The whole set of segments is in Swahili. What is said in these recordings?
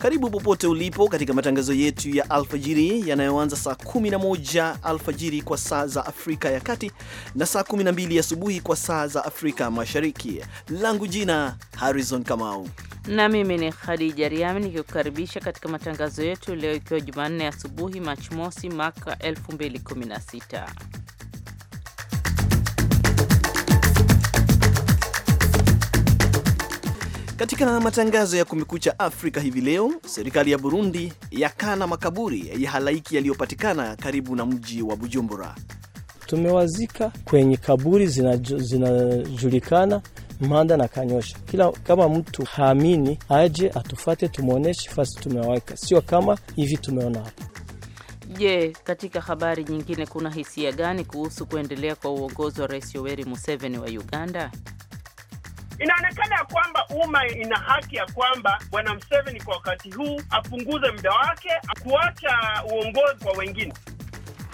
Karibu popote ulipo katika matangazo yetu ya alfajiri yanayoanza saa 11 alfajiri kwa saa za Afrika ya Kati na saa 12 asubuhi kwa saa za Afrika Mashariki. Langu jina Harrison Kamau na mimi ni Khadija Riami nikikukaribisha katika matangazo yetu leo, ikiwa Jumanne asubuhi Machi mosi mwaka 2016. Katika matangazo ya Kumekucha Afrika hivi leo, serikali ya Burundi yakana makaburi ya halaiki yaliyopatikana karibu na mji wa Bujumbura. Tumewazika kwenye kaburi zinajulikana Manda na Kanyosha. Kila kama mtu haamini aje atufate, tumwonyeshe fasi tumewaweka, sio kama hivi tumeona hapa. Je, katika habari nyingine, kuna hisia gani kuhusu kuendelea kwa uongozi wa Rais Yoweri Museveni wa Uganda? Inaonekana ya kwamba umma ina haki ya kwamba Bwana Mseveni kwa wakati huu apunguze muda wake, kuacha uongozi kwa wengine.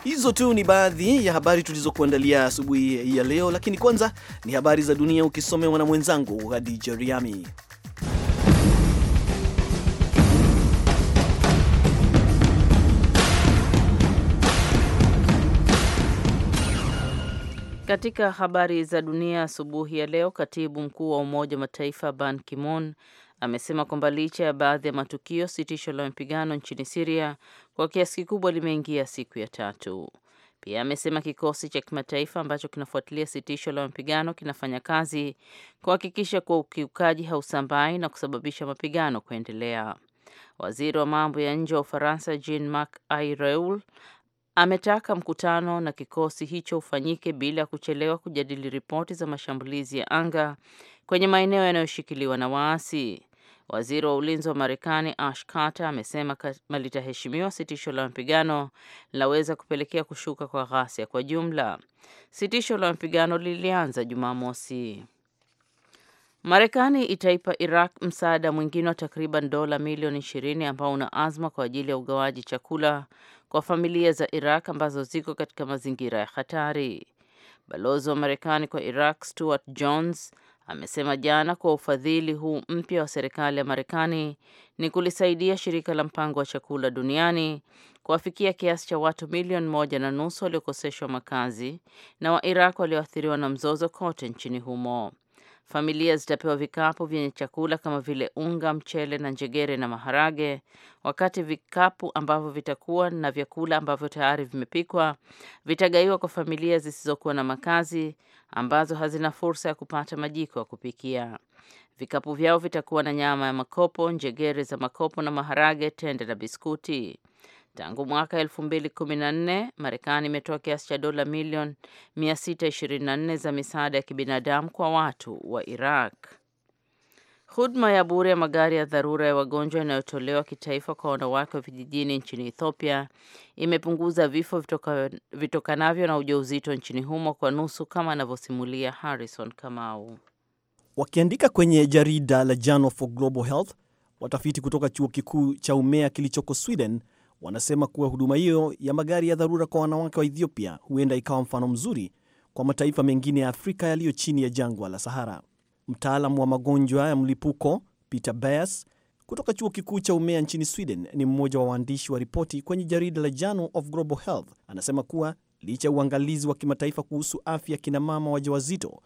Hizo tu ni baadhi ya habari tulizokuandalia asubuhi ya leo, lakini kwanza ni habari za dunia ukisomewa na mwenzangu Hadija Riami. Katika habari za dunia asubuhi ya leo, katibu mkuu wa Umoja wa Mataifa Ban Ki-moon amesema kwamba licha ya baadhi ya matukio, sitisho la mapigano nchini Siria kwa kiasi kikubwa limeingia siku ya tatu. Pia amesema kikosi cha kimataifa ambacho kinafuatilia sitisho la mapigano kinafanya kazi kuhakikisha kuwa ukiukaji hausambai na kusababisha mapigano kuendelea. Waziri wa mambo ya nje wa Ufaransa Jean-Marc Ayrault ametaka mkutano na kikosi hicho ufanyike bila ya kuchelewa kujadili ripoti za mashambulizi ya anga kwenye maeneo yanayoshikiliwa na waasi. Waziri wa ulinzi wa Marekani Ash Carter amesema kama litaheshimiwa sitisho la mapigano linaweza kupelekea kushuka kwa ghasia kwa jumla. Sitisho la mapigano lilianza Jumamosi. Marekani itaipa Iraq msaada mwingine wa takriban dola milioni 20 ambao una azma kwa ajili ya ugawaji chakula kwa familia za Iraq ambazo ziko katika mazingira ya hatari. Balozi wa Marekani kwa Iraq Stuart Jones amesema jana kuwa ufadhili huu mpya wa serikali ya Marekani ni kulisaidia shirika la mpango wa chakula duniani kuwafikia kiasi cha watu milioni moja na nusu waliokoseshwa makazi na Wairaq walioathiriwa na mzozo kote nchini humo. Familia zitapewa vikapu vyenye chakula kama vile unga, mchele na njegere na maharage, wakati vikapu ambavyo vitakuwa na vyakula ambavyo tayari vimepikwa vitagaiwa kwa familia zisizokuwa na makazi ambazo hazina fursa ya kupata majiko ya kupikia. Vikapu vyao vitakuwa na nyama ya makopo, njegere za makopo na maharage, tende na biskuti. Tangu mwaka 2014 Marekani imetoa kiasi cha dola milioni 624 za misaada ya kibinadamu kwa watu wa Iraq. Huduma ya bure ya magari ya dharura ya wagonjwa inayotolewa kitaifa kwa wanawake wa vijijini nchini Ethiopia imepunguza vifo vitokanavyo vitoka na ujauzito nchini humo kwa nusu, kama anavyosimulia Harrison Kamau. Wakiandika kwenye jarida la Journal for Global Health, watafiti kutoka chuo kikuu cha Umea kilichoko Sweden Wanasema kuwa huduma hiyo ya magari ya dharura kwa wanawake wa Ethiopia huenda ikawa mfano mzuri kwa mataifa mengine ya Afrika yaliyo chini ya jangwa la Sahara. Mtaalamu wa magonjwa ya mlipuko Peter Bias kutoka chuo kikuu cha umea nchini Sweden ni mmoja wa waandishi wa ripoti kwenye jarida la Journal of Global Health. Anasema kuwa licha ya uangalizi wa kimataifa kuhusu afya ya kinamama wajawazito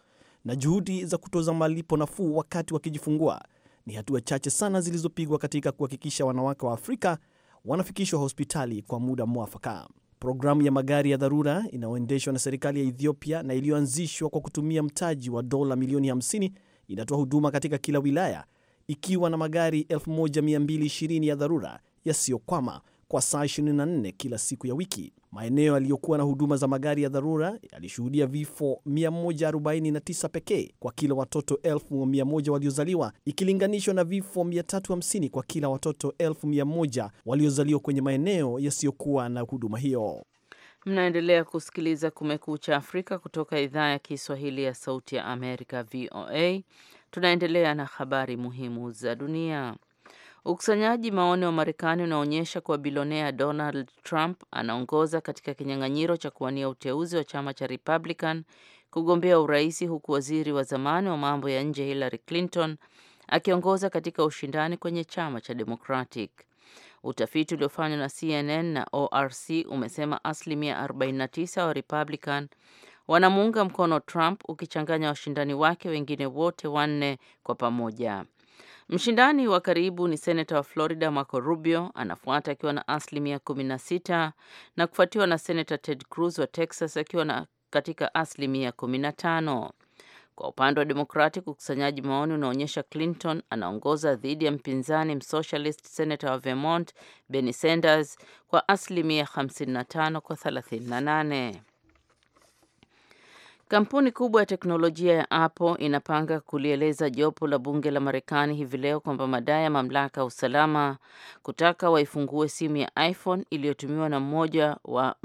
na juhudi za kutoza malipo nafuu wakati wakijifungua, ni hatua chache sana zilizopigwa katika kuhakikisha wanawake wa Afrika wanafikishwa hospitali kwa muda mwafaka. Programu ya magari ya dharura inayoendeshwa na serikali ya Ethiopia na iliyoanzishwa kwa kutumia mtaji wa dola milioni 50 inatoa huduma katika kila wilaya ikiwa na magari 1220 ya dharura yasiyokwama kwa saa 24 kila siku ya wiki. Maeneo yaliyokuwa na huduma za magari ya dharura yalishuhudia vifo 149 pekee kwa kila watoto 1 waliozaliwa ikilinganishwa na vifo 350 kwa kila watoto 1,100 waliozaliwa kwenye maeneo yasiyokuwa na huduma hiyo. Mnaendelea kusikiliza Kumekucha Afrika kutoka idhaa ya Kiswahili ya Sauti ya Amerika, VOA. Tunaendelea na habari muhimu za dunia. Ukusanyaji maoni wa Marekani unaonyesha kuwa bilionea Donald Trump anaongoza katika kinyang'anyiro cha kuwania uteuzi wa chama cha Republican kugombea urais huku waziri wa zamani wa mambo ya nje Hillary Clinton akiongoza katika ushindani kwenye chama cha Democratic. Utafiti uliofanywa na CNN na ORC umesema asilimia 49 wa Republican wanamuunga mkono Trump ukichanganya washindani wake wengine wote wanne kwa pamoja. Mshindani wa karibu ni senata wa Florida Marco Rubio, anafuata akiwa na asilimia 16 na kufuatiwa na senata Ted Cruz wa Texas akiwa na katika asilimia 15. Kwa upande wa demokratic ukusanyaji maoni unaonyesha Clinton anaongoza dhidi ya mpinzani msocialist senata wa Vermont Bernie Sanders kwa asilimia 55 kwa 38. Kampuni kubwa ya teknolojia ya Apple inapanga kulieleza jopo la bunge la Marekani hivi leo kwamba madai ya mamlaka ya usalama kutaka waifungue simu ya iPhone iliyotumiwa na mmoja wa,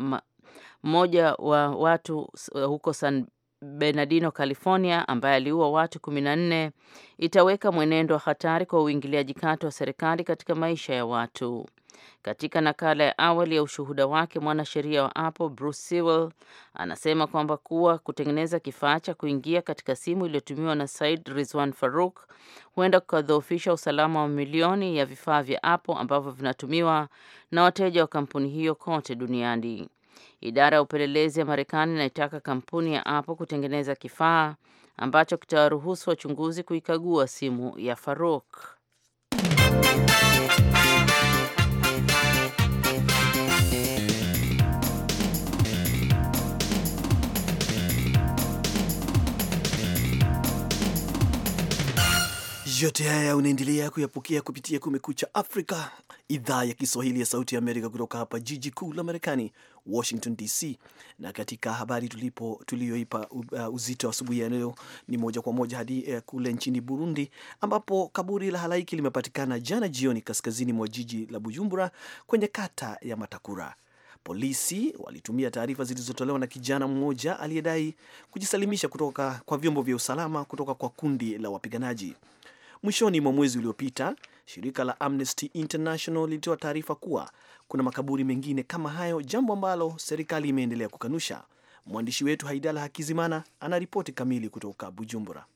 mmoja wa watu huko San Bernardino, California, ambaye aliua watu 14 itaweka mwenendo wa hatari kwa uingiliaji kati wa serikali katika maisha ya watu. Katika nakala ya awali ya ushuhuda wake, mwanasheria wa Apple Bruce Sewell anasema kwamba kuwa kutengeneza kifaa cha kuingia katika simu iliyotumiwa na Said Rizwan Farouk huenda kukadhoofisha usalama wa milioni ya vifaa vya Apple ambavyo vinatumiwa na wateja wa kampuni hiyo kote duniani. Idara ya upelelezi ya Marekani inaitaka kampuni ya Apple kutengeneza kifaa ambacho kitawaruhusu wachunguzi kuikagua simu ya Farouk. Yote haya unaendelea kuyapokea kupitia Kumekucha Afrika, idhaa ya Kiswahili ya Sauti ya Amerika, kutoka hapa jiji kuu la Marekani, Washington DC. Na katika habari tulipo tuliyoipa uh, uzito asubuhi ya leo ni moja kwa moja hadi eh, kule nchini Burundi ambapo kaburi la halaiki limepatikana jana jioni kaskazini mwa jiji la Bujumbura kwenye kata ya Matakura. Polisi walitumia taarifa zilizotolewa na kijana mmoja aliyedai kujisalimisha kutoka kwa vyombo vya usalama kutoka kwa kundi la wapiganaji. Mwishoni mwa mwezi uliopita, Shirika la Amnesty International lilitoa taarifa kuwa kuna makaburi mengine kama hayo, jambo ambalo serikali imeendelea kukanusha. Mwandishi wetu Haidala Hakizimana anaripoti kamili kutoka Bujumbura.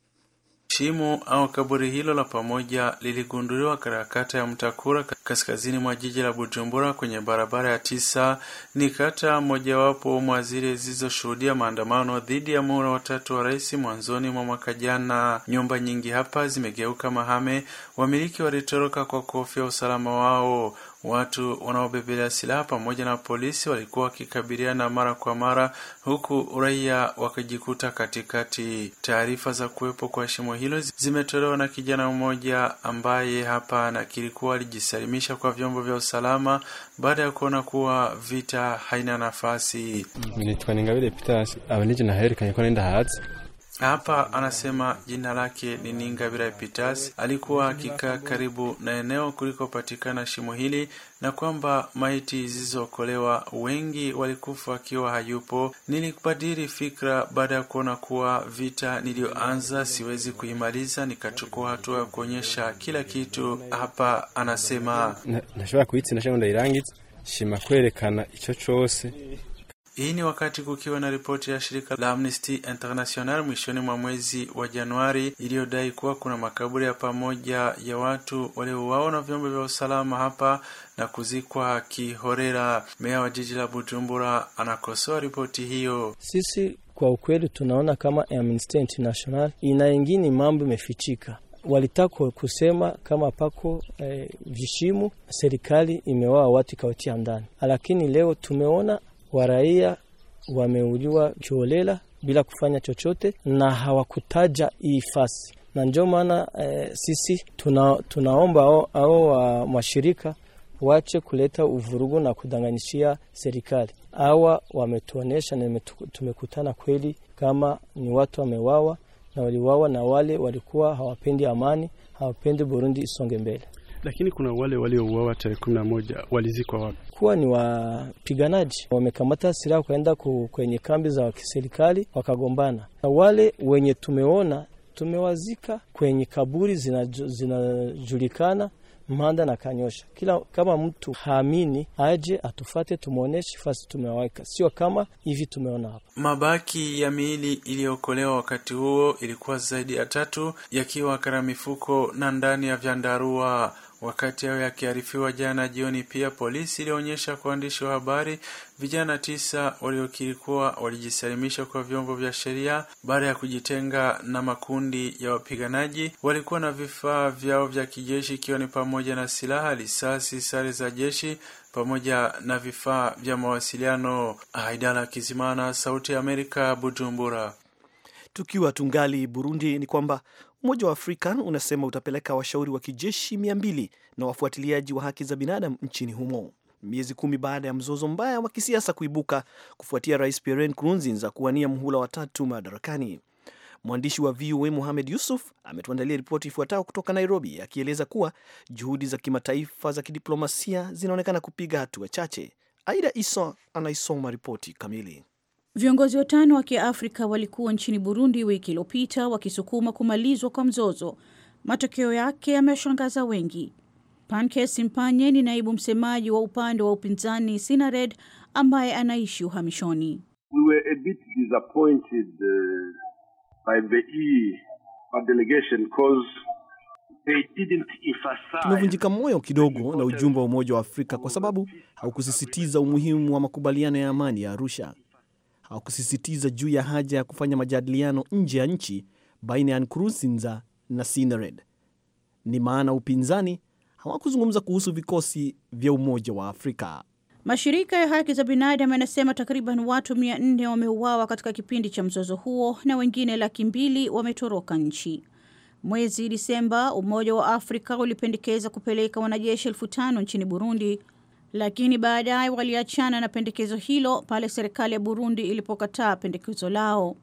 Shimo au kaburi hilo la pamoja liligunduliwa katika kata ya Mtakura kaskazini mwa jiji la Bujumbura kwenye barabara ya tisa. Ni kata mojawapo mwa zile zilizoshuhudia maandamano dhidi ya muhula watatu wa rais mwanzoni mwa mwaka jana. Nyumba nyingi hapa zimegeuka mahame, wamiliki walitoroka kwa kuhofia usalama wao. Watu wanaobebelea silaha pamoja na polisi walikuwa wakikabiliana mara kwa mara, huku raia wakijikuta katikati. Taarifa za kuwepo kwa shimo hilo zimetolewa na kijana mmoja ambaye hapa anakiri kuwa alijisalimisha kwa vyombo vya usalama baada ya kuona kuwa vita haina nafasi hapa anasema jina lake ni Ningabira Peters, alikuwa akikaa karibu na eneo kulikopatikana shimo hili, na kwamba maiti zilizookolewa wengi walikufa akiwa hayupo. Nilibadili fikra baada ya kuona kuwa vita niliyoanza siwezi kuimaliza, nikachukua hatua ya kuonyesha kila kitu. Hapa anasema nashobora kuitsinda cyangwa ndayirangiza shima kwerekana icho chose hii ni wakati kukiwa na ripoti ya shirika la Amnesty International mwishoni mwa mwezi wa Januari iliyodai kuwa kuna makaburi ya pamoja ya watu waliouawa na vyombo vya usalama hapa na kuzikwa kiholela. Meya wa jiji la Bujumbura anakosoa ripoti hiyo. Sisi kwa ukweli tunaona kama Amnesty International ingini mambo imefichika walitaka kusema kama pako eh, vishimu serikali imewaa watu ikawatia ndani, lakini leo tumeona wa raia wameuliwa kiolela bila kufanya chochote na hawakutaja hii fasi, na ndio maana e, sisi tuna, tunaomba ao wa mashirika wache kuleta uvurugu na kudanganyishia serikali. Hawa wametuonyesha na tumekutana kweli kama ni watu wamewawa na waliwawa na wale walikuwa hawapendi amani, hawapendi Burundi isonge mbele. Lakini kuna wale waliouawa tarehe kumi na moja walizikwa wapi? Kuwa ni wapiganaji wamekamata silaha kwenda kwenye kambi za kiserikali wakagombana, na wale wenye tumeona tumewazika kwenye kaburi zinajulikana zina Manda na Kanyosha. Kila kama mtu haamini aje atufate, tumwoneshe fasi tumewaika, sio kama hivi tumeona hapa. Mabaki ya miili iliyookolewa wakati huo ilikuwa zaidi ya tatu, yakiwa katika mifuko na ndani ya vyandarua. Wakati hayo yakiarifiwa jana jioni, pia polisi ilionyesha kwa waandishi wa habari vijana tisa waliokiri kuwa walijisalimisha kwa vyombo vya sheria baada ya kujitenga na makundi ya wapiganaji. Walikuwa na vifaa vyao vya kijeshi, ikiwa ni pamoja na silaha, risasi, sare za jeshi pamoja na vifaa vya mawasiliano. Haidala Kizimana, Sauti ya Amerika, Bujumbura. Tukiwa tungali Burundi, ni kwamba Umoja wa Afrika unasema utapeleka washauri wa kijeshi mia mbili na wafuatiliaji wa haki za binadamu nchini humo miezi kumi baada ya mzozo mbaya wa kisiasa kuibuka kufuatia Rais Pierre Nkurunziza kuwania mhula watatu madarakani. Mwandishi wa VOA muhamed Yusuf ametuandalia ripoti ifuatayo kutoka Nairobi, akieleza kuwa juhudi za kimataifa za kidiplomasia zinaonekana kupiga hatua chache. Aida Isa anaisoma ripoti kamili. Viongozi watano wa Kiafrika walikuwa nchini Burundi wiki iliyopita wakisukuma kumalizwa kwa mzozo. Matokeo yake yameshangaza wengi. Pankesi Mpanye ni naibu msemaji wa upande wa upinzani Sinared ambaye anaishi uhamishoni. We were a bit disappointed uh, by the e, delegation cause Tumevunjika moyo kidogo na ujumbe wa Umoja wa Afrika kwa sababu haukusisitiza umuhimu wa makubaliano ya amani ya Arusha hawakusisitiza juu ya haja ya kufanya majadiliano nje ya nchi baina ya Nkurunziza na sinered Ni maana upinzani hawakuzungumza kuhusu vikosi vya Umoja wa Afrika. Mashirika ya haki za binadamu yanasema takriban watu mia nne wameuawa katika kipindi cha mzozo huo na wengine laki mbili wametoroka nchi. Mwezi Disemba, Umoja wa Afrika ulipendekeza kupeleka wanajeshi elfu tano nchini Burundi lakini baadaye waliachana na pendekezo hilo pale serikali ya Burundi ilipokataa pendekezo lao.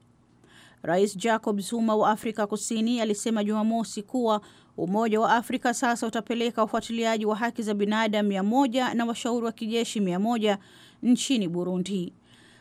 Rais Jacob Zuma wa Afrika Kusini alisema Jumamosi kuwa Umoja wa Afrika sasa utapeleka ufuatiliaji wa haki za binadamu mia moja na washauri wa kijeshi mia moja nchini Burundi.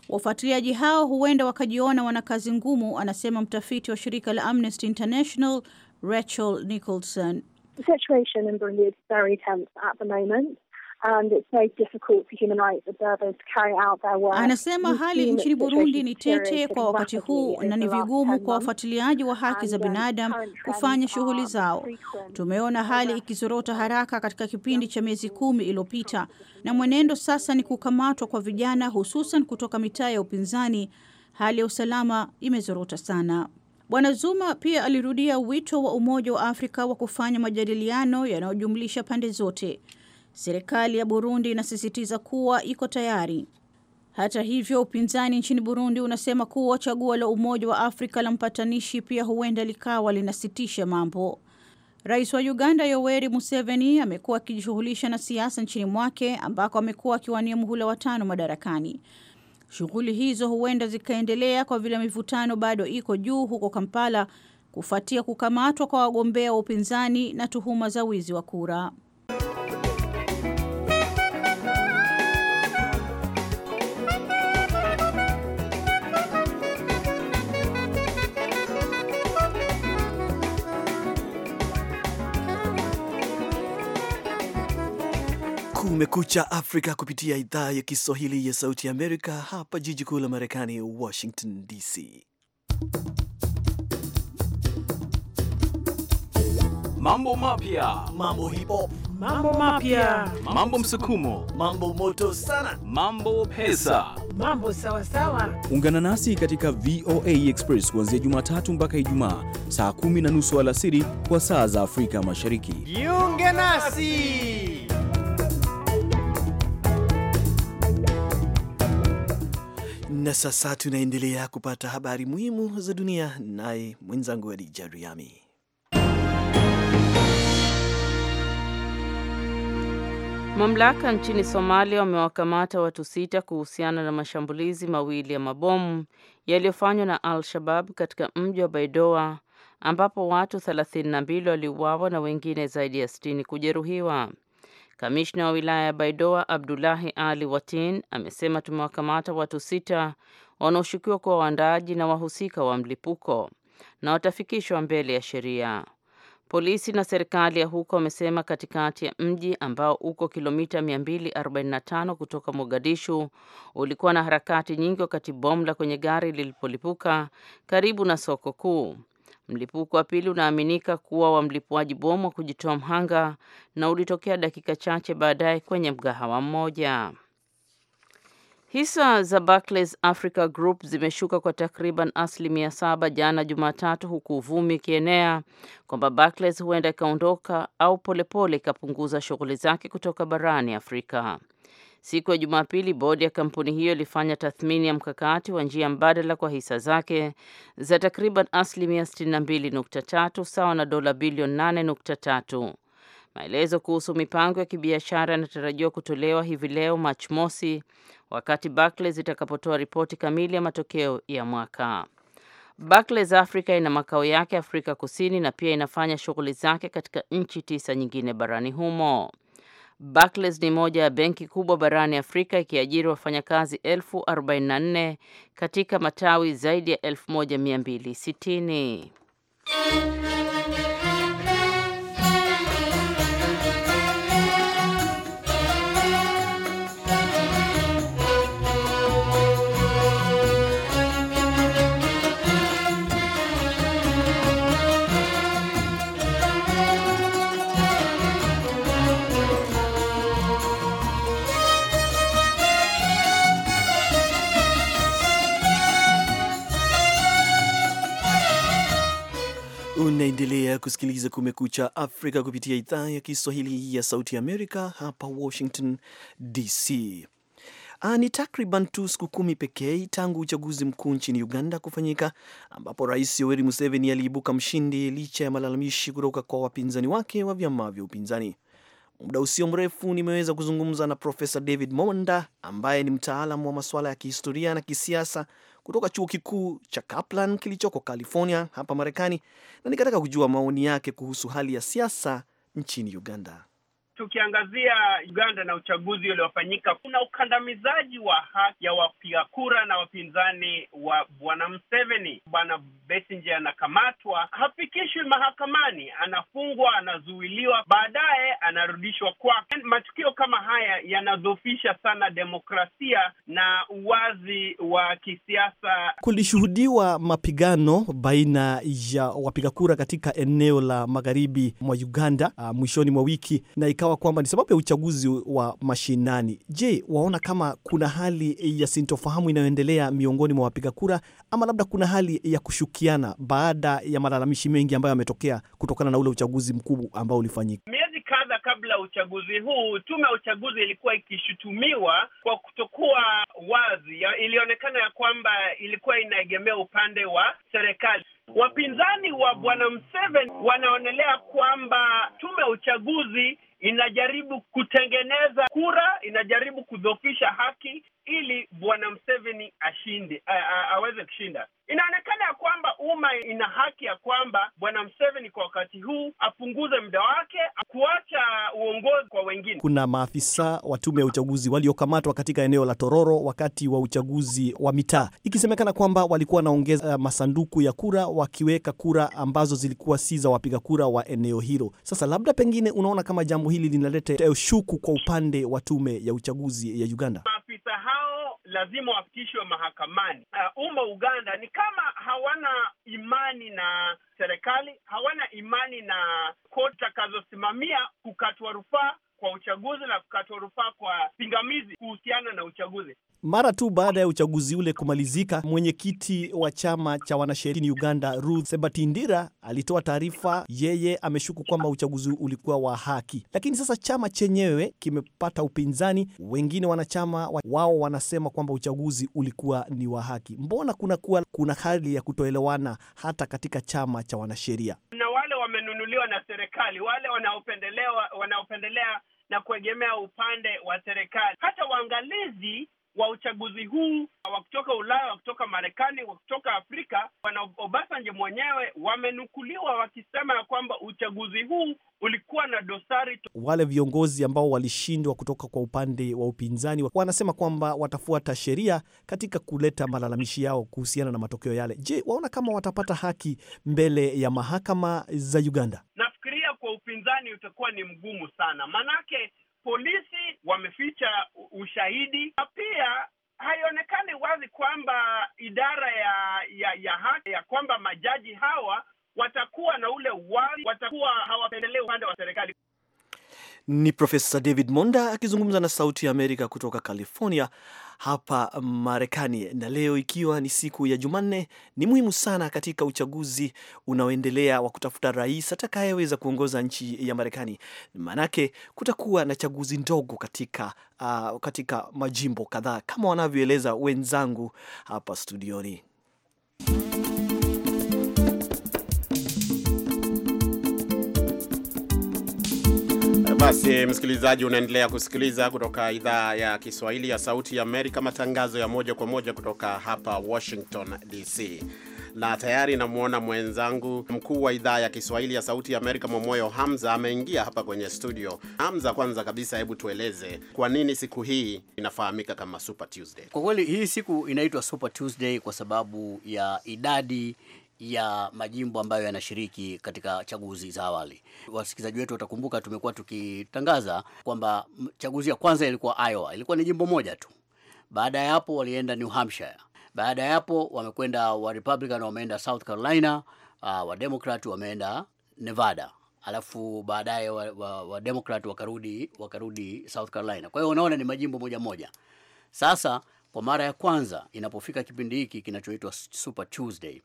Wafuatiliaji hao huenda wakajiona wana kazi ngumu, anasema mtafiti wa shirika la Amnesty International Rachel Nicholson. The situation in Burundi is very tense at the moment. And it's very difficult for human rights observers to carry out their work. Anasema hali nchini Burundi ni tete kwa wakati huu na ni vigumu kwa wafuatiliaji wa haki za um, binadamu kufanya shughuli zao. Tumeona hali ikizorota haraka katika kipindi cha miezi kumi iliyopita, na mwenendo sasa ni kukamatwa kwa vijana hususan kutoka mitaa ya upinzani. Hali ya usalama imezorota sana. Bwana Zuma pia alirudia wito wa Umoja wa Afrika wa kufanya majadiliano yanayojumlisha pande zote. Serikali ya Burundi inasisitiza kuwa iko tayari. Hata hivyo, upinzani nchini Burundi unasema kuwa chaguo la Umoja wa Afrika la mpatanishi pia huenda likawa linasitisha mambo. Rais wa Uganda Yoweri Museveni amekuwa akijishughulisha na siasa nchini mwake ambako amekuwa akiwania muhula watano madarakani. Shughuli hizo huenda zikaendelea kwa vile mivutano bado iko juu huko Kampala kufuatia kukamatwa kwa wagombea wa upinzani na tuhuma za wizi wa kura. Kumekucha Afrika kupitia idhaa ya Kiswahili ya Sauti ya Amerika hapa jiji kuu la Marekani, Washington DC. Mambo mapya, mambo hipo, mambo mapya, mambo msukumo, mambo moto sana, mambo pesa, mambo sawasawa. Ungana nasi katika VOA Express kuanzia Jumatatu mpaka Ijumaa saa kumi na nusu alasiri kwa saa za Afrika Mashariki. Jiunge nasi. Na sasa tunaendelea kupata habari muhimu za dunia, naye mwenzangu Adija Riami. Mamlaka nchini Somalia wamewakamata watu sita kuhusiana na mashambulizi mawili ya mabomu yaliyofanywa na Al-Shabab katika mji wa Baidoa ambapo watu 32 waliuawa na wengine zaidi ya 60 kujeruhiwa. Kamishna wa wilaya ya Baidoa Abdulahi Ali Watin amesema tumewakamata watu sita wanaoshukiwa kuwa waandaaji na wahusika wa mlipuko na watafikishwa mbele ya sheria. Polisi na serikali ya huko wamesema katikati ya mji ambao uko kilomita 245 kutoka Mogadishu ulikuwa na harakati nyingi wakati bomu la kwenye gari lilipolipuka karibu na soko kuu. Mlipuko wa pili unaaminika kuwa wa mlipuaji bomu wa kujitoa mhanga na ulitokea dakika chache baadaye kwenye mgahawa mmoja. Hisa za Barclays Africa Group zimeshuka kwa takriban asilimia saba jana Jumatatu, huku uvumi ikienea kwamba Barclays huenda ikaondoka au polepole ikapunguza shughuli zake kutoka barani Afrika. Siku ya Jumapili, bodi ya kampuni hiyo ilifanya tathmini ya mkakati wa njia mbadala kwa hisa zake za takriban asilimia 62.3 sawa na dola bilioni 8.3. Maelezo kuhusu mipango ya kibiashara yanatarajiwa kutolewa hivi leo Machi mosi, wakati Barclays itakapotoa ripoti kamili ya matokeo ya mwaka. Barclays Africa ina makao yake Afrika Kusini na pia inafanya shughuli zake katika nchi tisa nyingine barani humo. Barclays ni moja ya benki kubwa barani Afrika ikiajiri wafanyakazi 44 katika matawi zaidi ya 1260. Unaendelea kusikiliza Kumekucha Afrika kupitia idhaa ya Kiswahili ya Sauti ya Amerika hapa Washington DC. Ah, ni takriban tu siku kumi pekee tangu uchaguzi mkuu nchini Uganda kufanyika ambapo Rais Yoweri Museveni aliibuka mshindi licha ya malalamishi kutoka kwa wapinzani wake wa vyama vya upinzani. Muda usio mrefu nimeweza kuzungumza na Profesa David Monda ambaye ni mtaalamu wa masuala ya kihistoria na kisiasa kutoka chuo kikuu cha Kaplan kilichoko California hapa Marekani, na nikataka kujua maoni yake kuhusu hali ya siasa nchini Uganda. Tukiangazia Uganda na uchaguzi uliofanyika, kuna ukandamizaji wa haki ya wapiga kura na wapinzani wa bwana mseveni Bwana Besigye anakamatwa, hafikishwi mahakamani, anafungwa, anazuiliwa, baadaye anarudishwa kwake. Matukio kama haya yanadhofisha sana demokrasia na uwazi wa kisiasa. Kulishuhudiwa mapigano baina ya wapiga kura katika eneo la magharibi mwa Uganda ah, mwishoni mwa wiki na ikawa ikawa kwamba ni sababu ya uchaguzi wa mashinani. Je, waona kama kuna hali ya sintofahamu inayoendelea miongoni mwa wapiga kura ama labda kuna hali ya kushukiana baada ya malalamishi mengi ambayo yametokea kutokana na ule uchaguzi mkubwa ambao ulifanyika miezi kadha kabla ya uchaguzi huu? Tume ya uchaguzi ilikuwa ikishutumiwa kwa kutokuwa wazi. Ilionekana ya kwamba ilikuwa inaegemea upande wa serikali. Wapinzani wa Bwana mseven wanaonelea kwamba tume ya uchaguzi inajaribu kutengeneza kura, inajaribu kudhofisha haki ili bwana Mseveni ashinde aweze kushinda. Inaonekana ya kwamba umma ina haki ya kwamba bwana Mseveni kwa wakati huu apunguze muda wake, kuacha uongozi kwa wengine. Kuna maafisa wa tume ya uchaguzi waliokamatwa katika eneo la Tororo wakati wa uchaguzi wa mitaa, ikisemekana kwamba walikuwa wanaongeza masanduku ya kura, wakiweka kura ambazo zilikuwa si za wapiga kura wa eneo hilo. Sasa labda pengine unaona kama jambo hili linaleta shuku kwa upande wa tume ya uchaguzi ya Uganda lazima wafikishwe mahakamani. Uh, umma Uganda ni kama hawana imani na serikali, hawana imani na koti zitakazosimamia kukatwa rufaa kwa uchaguzi na kukatwa rufaa kwa pingamizi kuhusiana na uchaguzi. Mara tu baada ya uchaguzi ule kumalizika, mwenyekiti wa chama cha wanasheria Uganda, Ruth Sebatindira, alitoa taarifa, yeye ameshuku kwamba uchaguzi ulikuwa wa haki. Lakini sasa chama chenyewe kimepata upinzani, wengine wanachama wao wanasema kwamba uchaguzi ulikuwa ni wa haki. Mbona kunakuwa kuna hali ya kutoelewana hata katika chama cha wanasheria na wamenunuliwa na serikali, wale wanaopendelewa wanaopendelea na kuegemea upande wa serikali. Hata waangalizi wa uchaguzi huu wa kutoka Ulaya, wa kutoka Marekani, wa kutoka Afrika, Bwana Obasanjo mwenyewe wamenukuliwa wakisema ya kwamba uchaguzi huu ulikuwa na dosari. Wale viongozi ambao walishindwa kutoka kwa upande wa upinzani wanasema kwamba watafuata sheria katika kuleta malalamishi yao kuhusiana na matokeo yale. Je, waona kama watapata haki mbele ya mahakama za Uganda? Nafikiria kwa upinzani utakuwa ni mgumu sana, manake polisi wameficha ushahidi na pia haionekani wazi kwamba idara ya ya, ya haki ya kwamba majaji hawa watakuwa na ule wazi, watakuwa hawapendelei upande wa serikali. Ni Profesa David Monda akizungumza na Sauti ya Amerika kutoka California hapa Marekani. Na leo ikiwa ni siku ya Jumanne, ni muhimu sana katika uchaguzi unaoendelea wa kutafuta rais atakayeweza kuongoza nchi ya Marekani. Maanake kutakuwa na chaguzi ndogo katika, uh, katika majimbo kadhaa kama wanavyoeleza wenzangu hapa studioni. Basi msikilizaji, unaendelea kusikiliza kutoka idhaa ya Kiswahili ya Sauti ya Amerika, matangazo ya moja kwa moja kutoka hapa Washington DC, na tayari namwona mwenzangu mkuu wa idhaa ya Kiswahili ya Sauti ya Amerika Momoyo Hamza ameingia hapa kwenye studio. Hamza, kwanza kabisa, hebu tueleze kwa nini siku hii inafahamika kama Super Tuesday? Kwa kweli hii siku inaitwa Super Tuesday kwa sababu ya idadi ya majimbo ambayo yanashiriki katika chaguzi za awali. Wasikilizaji wetu watakumbuka tumekuwa tukitangaza kwamba chaguzi ya kwanza ilikuwa Iowa, ilikuwa ni jimbo moja tu. Baada ya hapo walienda New Hampshire, baada ya hapo wamekwenda wa Republican wameenda South Carolina, uh, wa Democrat wameenda Nevada, alafu baadaye wa, wa, wa Democrat wakarudi wakarudi South Carolina. Kwa hiyo unaona ni majimbo moja moja. Sasa kwa mara ya kwanza inapofika kipindi hiki kinachoitwa Super Tuesday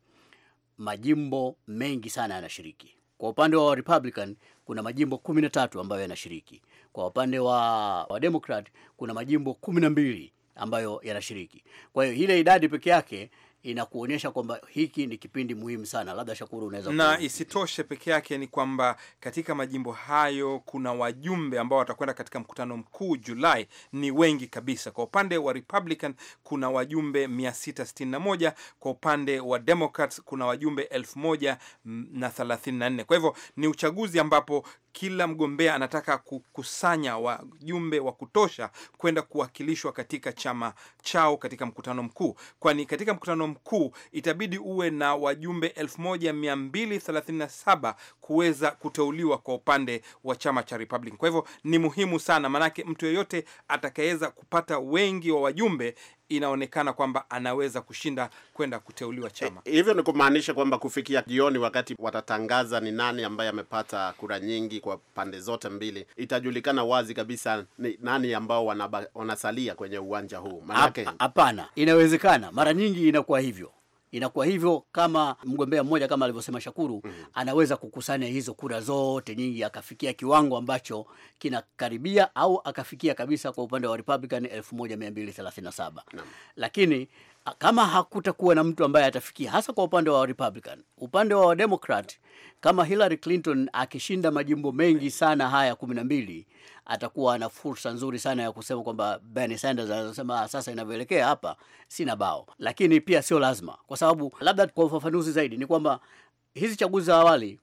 majimbo mengi sana yanashiriki. Kwa upande wa Republican kuna majimbo 13 ambayo yanashiriki. Kwa upande wa, wa Democrat kuna majimbo 12 ambayo yanashiriki. Kwa hiyo ile idadi peke yake inakuonyesha kwamba hiki ni kipindi muhimu sana. Labda Shakuru unaweza na kuhu. Isitoshe peke yake ni kwamba katika majimbo hayo kuna wajumbe ambao watakwenda katika mkutano mkuu Julai, ni wengi kabisa. Kwa upande wa Republican kuna wajumbe 661, kwa upande wa Democrats kuna wajumbe 1034. Kwa hivyo ni uchaguzi ambapo kila mgombea anataka kukusanya wajumbe wa kutosha kwenda kuwakilishwa katika chama chao katika mkutano mkuu, kwani katika mkutano mkuu itabidi uwe na wajumbe 1237 kuweza kuteuliwa kwa upande wa chama cha Republican. Kwa hivyo ni muhimu sana, maanake mtu yeyote atakayeweza kupata wengi wa wajumbe inaonekana kwamba anaweza kushinda kwenda kuteuliwa chama. Eh, hivyo ni kumaanisha kwamba kufikia jioni, wakati watatangaza ni nani ambaye amepata kura nyingi kwa pande zote mbili, itajulikana wazi kabisa ni nani ambao wanasalia kwenye uwanja huu. Hapana, inawezekana mara nyingi inakuwa hivyo Inakuwa hivyo kama mgombea mmoja kama alivyosema Shakuru mm -hmm. anaweza kukusanya hizo kura zote nyingi akafikia kiwango ambacho kinakaribia au akafikia kabisa kwa upande wa Republican 1237 mm -hmm. lakini kama hakutakuwa na mtu ambaye atafikia, hasa kwa upande wa Republican. Upande wa Democrat, kama Hillary Clinton akishinda majimbo mengi sana haya kumi na mbili, atakuwa na fursa nzuri sana ya kusema kwamba Bernie Sanders anasema ah, sasa inavyoelekea hapa sina bao, lakini pia sio lazima, kwa sababu labda kwa ufafanuzi zaidi ni kwamba hizi chaguzi za awali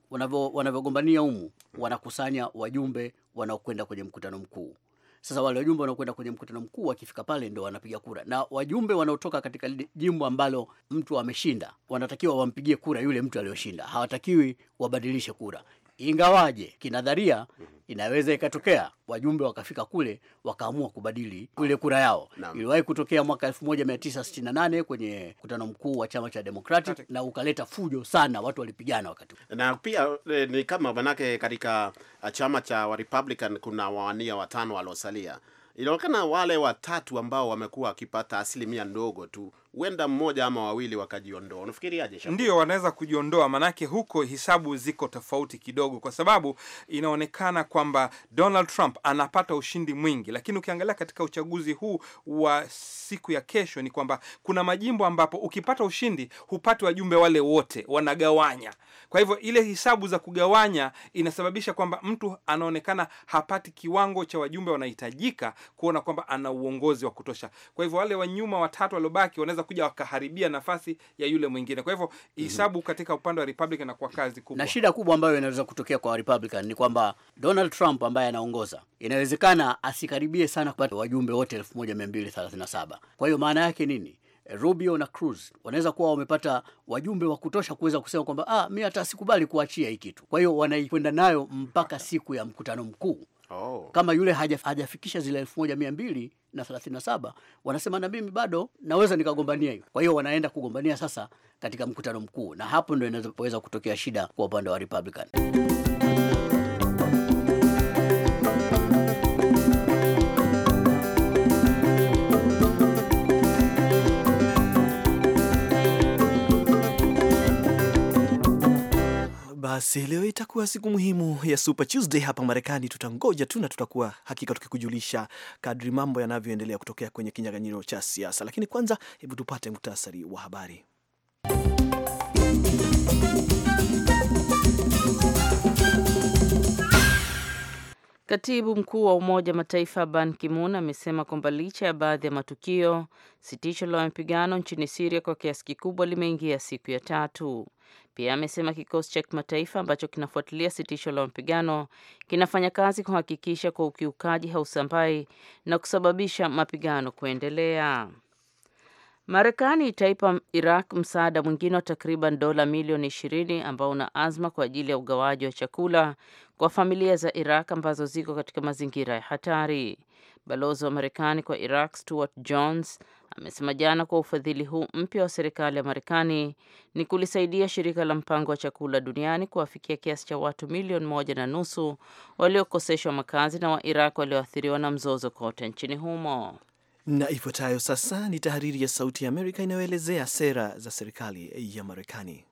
wanavyogombania humu wanakusanya wajumbe wanaokwenda kwenye mkutano mkuu sasa wale wajumbe wanaokwenda kwenye mkutano mkuu wakifika pale ndo wanapiga kura, na wajumbe wanaotoka katika jimbo ambalo mtu ameshinda wanatakiwa wampigie kura yule mtu aliyoshinda, hawatakiwi wabadilishe kura ingawaje kinadharia inaweza ikatokea wajumbe wakafika kule wakaamua kubadili ile kura yao. Iliwahi kutokea mwaka 1968 kwenye mkutano mkuu wa chama cha Democratic na ukaleta fujo sana, watu walipigana wakati. Na pia eh, ni kama manake, katika ah, chama cha wa Republican kuna wawania watano waliosalia, inaonekana wale watatu ambao wamekuwa wakipata asilimia ndogo tu huenda mmoja ama wawili wakajiondoa. Unafikiriaje? Ndio, wanaweza kujiondoa, manake huko hisabu ziko tofauti kidogo, kwa sababu inaonekana kwamba Donald Trump anapata ushindi mwingi, lakini ukiangalia katika uchaguzi huu wa siku ya kesho ni kwamba kuna majimbo ambapo ukipata ushindi hupati wajumbe wale wote, wanagawanya. Kwa hivyo ile hisabu za kugawanya inasababisha kwamba mtu anaonekana hapati kiwango cha wajumbe wanahitajika kuona kwamba ana uongozi wa kutosha. Kwa hivyo wale wanyuma watatu waliobaki wanaweza wanaweza kuja wakaharibia nafasi ya yule mwingine. Kwa hivyo hisabu mhm. katika upande wa Republican kwa kazi kubwa, na shida kubwa ambayo inaweza kutokea kwa Republican ni kwamba Donald Trump ambaye anaongoza inawezekana asikaribie sana kupata wajumbe wote 1237 kwa hiyo maana yake nini? Rubio na Cruz wanaweza kuwa wamepata wajumbe wa kutosha kuweza kusema kwamba ah, mi hata sikubali kuachia hii kitu. Kwa hiyo wanaikwenda nayo mpaka siku ya mkutano mkuu. Oh. Kama yule hajafikisha zile elfu moja mia mbili na 37 wanasema na mimi bado naweza nikagombania hiyo. Kwa hiyo wanaenda kugombania sasa katika mkutano mkuu, na hapo ndo inaweza kutokea shida kwa upande wa Republican. Basi leo itakuwa siku muhimu ya Super Tuesday hapa Marekani. Tutangoja tu na tutakuwa hakika tukikujulisha kadri mambo yanavyoendelea kutokea kwenye kinyang'anyiro cha siasa, lakini kwanza, hebu tupate muhtasari wa habari. Katibu mkuu wa Umoja Mataifa Ban Ki-moon amesema kwamba licha ya baadhi ya matukio, sitisho la mapigano nchini Siria kwa kiasi kikubwa limeingia siku ya tatu. Pia amesema kikosi cha kimataifa ambacho kinafuatilia sitisho la mapigano kinafanya kazi kuhakikisha kwa ukiukaji hausambai na kusababisha mapigano kuendelea. Marekani itaipa Iraq msaada mwingine wa takriban dola milioni 20 ambao una azma kwa ajili ya ugawaji wa chakula kwa familia za Iraq ambazo ziko katika mazingira ya hatari. Balozi wa Marekani kwa Iraq Stuart Jones amesema jana kuwa ufadhili huu mpya wa serikali ya Marekani ni kulisaidia shirika la mpango wa chakula duniani kuwafikia kiasi cha watu milioni moja na nusu waliokoseshwa makazi na Wairaq walioathiriwa na mzozo kote nchini humo. Na ifuatayo sasa ni tahariri ya Sauti ya Amerika inayoelezea sera za serikali ya Marekani.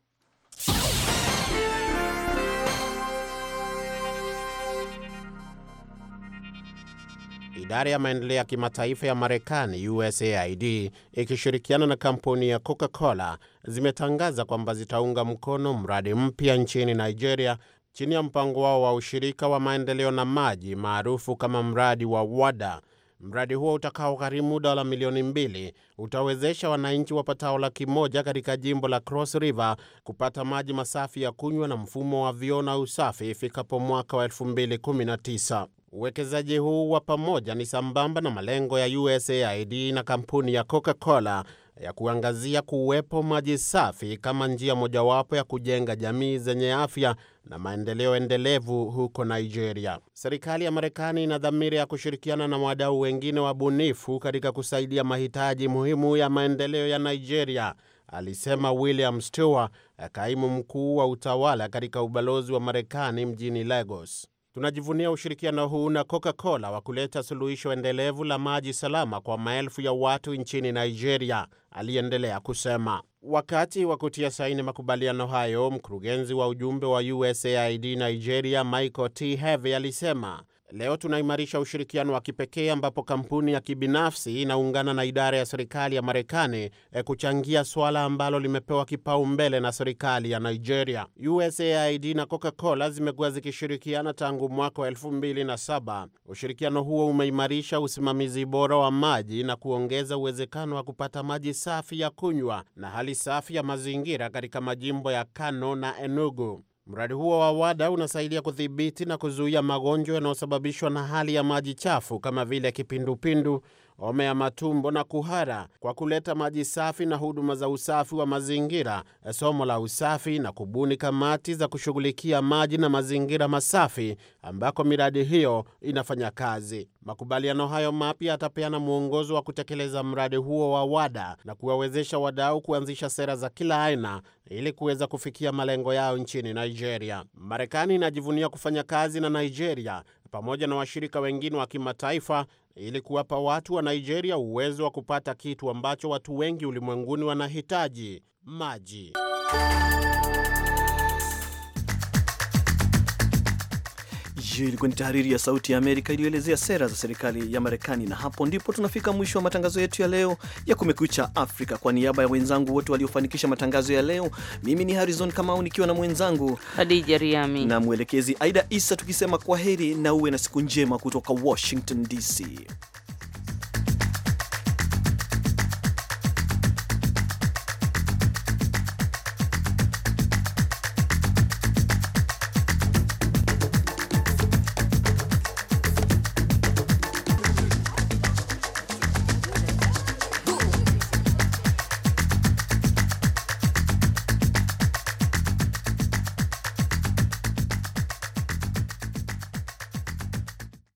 Idara ya maendeleo ya kimataifa ya Marekani, USAID, ikishirikiana na kampuni ya Coca-Cola zimetangaza kwamba zitaunga mkono mradi mpya nchini Nigeria chini ya mpango wao wa ushirika wa maendeleo na maji maarufu kama mradi wa WADA Mradi huo utakaogharimu gharimu dola milioni mbili utawezesha wananchi wapatao laki moja katika jimbo la Cross River kupata maji masafi ya kunywa na mfumo wa vyoo na usafi ifikapo mwaka wa 2019. Uwekezaji huu wa pamoja ni sambamba na malengo ya USAID na kampuni ya Coca-Cola ya kuangazia kuwepo maji safi kama njia mojawapo ya kujenga jamii zenye afya na maendeleo endelevu huko Nigeria. Serikali ya Marekani ina dhamira ya kushirikiana na wadau wengine wabunifu katika kusaidia mahitaji muhimu ya maendeleo ya Nigeria, alisema William Stewart, kaimu mkuu wa utawala katika ubalozi wa Marekani mjini Lagos. Tunajivunia ushirikiano huu na Coca-Cola wa kuleta suluhisho endelevu la maji salama kwa maelfu ya watu nchini Nigeria, aliendelea kusema. Wakati wa kutia saini makubaliano hayo, mkurugenzi wa ujumbe wa USAID Nigeria, Michael T Heve, alisema Leo tunaimarisha ushirikiano wa kipekee ambapo kampuni ya kibinafsi inaungana na idara ya serikali ya Marekani eh, kuchangia suala ambalo limepewa kipaumbele na serikali ya Nigeria. USAID na Coca-Cola zimekuwa zikishirikiana tangu mwaka wa 2007. Ushirikiano huo umeimarisha usimamizi bora wa maji na kuongeza uwezekano wa kupata maji safi ya kunywa na hali safi ya mazingira katika majimbo ya Kano na Enugu. Mradi huo wa WADA unasaidia kudhibiti na kuzuia magonjwa yanayosababishwa na hali ya maji chafu kama vile kipindupindu, homa ya matumbo na kuhara kwa kuleta maji safi na huduma za usafi wa mazingira, somo la usafi na kubuni kamati za kushughulikia maji na mazingira masafi ambako miradi hiyo inafanya kazi. Makubaliano hayo mapya yatapeana mwongozo wa kutekeleza mradi huo wa WADA na kuwawezesha wadau kuanzisha sera za kila aina ili kuweza kufikia malengo yao nchini Nigeria. Marekani inajivunia kufanya kazi na Nigeria pamoja na washirika wengine wa kimataifa ili kuwapa watu wa Nigeria uwezo wa kupata kitu ambacho watu wengi ulimwenguni wanahitaji: maji. hiyo ilikuwa ni tahariri ya Sauti ya Amerika iliyoelezea sera za serikali ya Marekani, na hapo ndipo tunafika mwisho wa matangazo yetu ya leo ya Kumekucha Afrika. Kwa niaba ya wenzangu wote waliofanikisha matangazo ya leo, mimi ni Harrison Kamau nikiwa na mwenzangu Hadija Riami na mwelekezi Aida Isa, tukisema kwa heri na uwe na siku njema kutoka Washington DC.